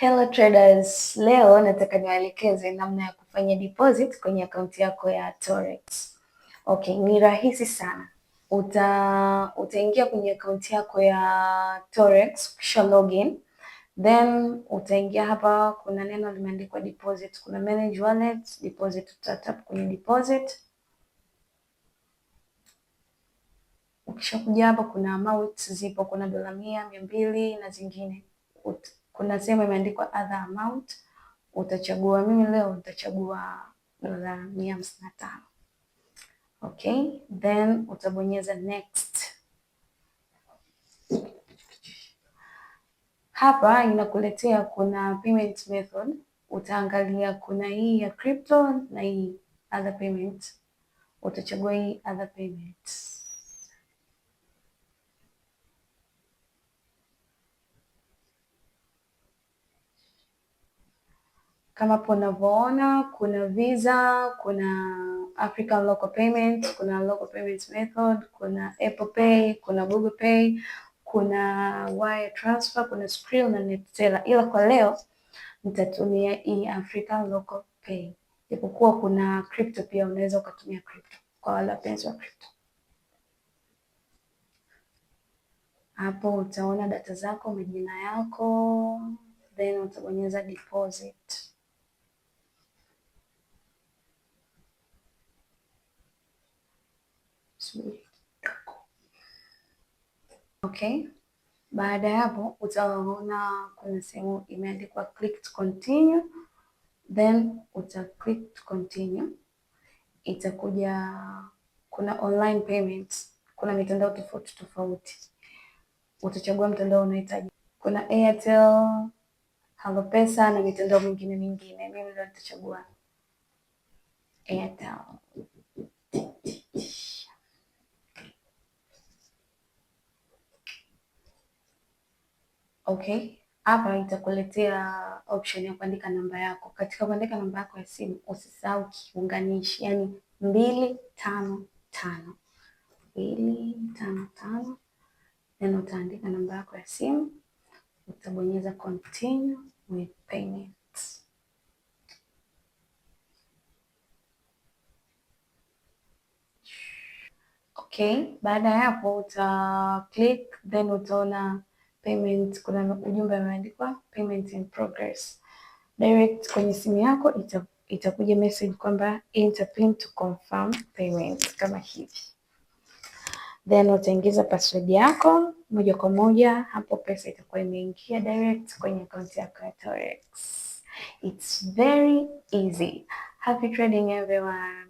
Hello traders, leo nataka niwaelekeze namna ya kufanya deposit kwenye akaunti yako ya Torex. Okay, ni rahisi sana. Uta utaingia kwenye akaunti yako ya Torex, kisha login. Then utaingia hapa, kuna neno limeandikwa deposit, kuna manage wallet, deposit, utatap kwenye deposit. Ukishakuja hapa kuna amount zipo, kuna dola mia, mia mbili na zingine Uta, kuna sehemu imeandikwa other amount, utachagua. Mimi leo nitachagua dola mia hamsini na tano. Okay, then utabonyeza next. Hapa inakuletea kuna payment method, utaangalia kuna hii ya crypto na hii other payment, utachagua hii other payments. Kama hapo unavyoona kuna Visa, kuna African Local Payment, kuna Local Payment Method, kuna Apple Pay, kuna Google Pay, kuna Wire Transfer, kuna Skrill na Neteller. Ila kwa leo nitatumia hii African Local Pay. Japokuwa kuna crypto pia unaweza ukatumia crypto kwa wale wapenzi wa crypto. Hapo utaona data zako, majina yako, then utabonyeza deposit. Okay, baada ya hapo utaona kuna sehemu imeandikwa click to continue, then uta click to continue. Itakuja kuna online payment, kuna mitandao tofauti tofauti, utachagua mtandao unahitaji. Kuna Airtel, Halo Pesa na mitandao mingine mingine. Mimi ndio nitachagua Airtel. Okay, hapa itakuletea option ya kuandika namba yako. Katika kuandika namba yako ya simu usisahau kiunganishi, yani mbili tano tano mbili tano tano then utaandika namba yako ya simu, utabonyeza continue with payment. Okay, baada ya hapo uta click then utaona payment, kuna ujumbe umeandikwa payment in progress. Direct kwenye simu yako itakuja message kwamba enter pin to confirm payment kama hivi, then utaingiza password yako moja kwa moja hapo, pesa itakuwa imeingia direct kwenye account yako ya Torex. It's very easy. Happy trading everyone.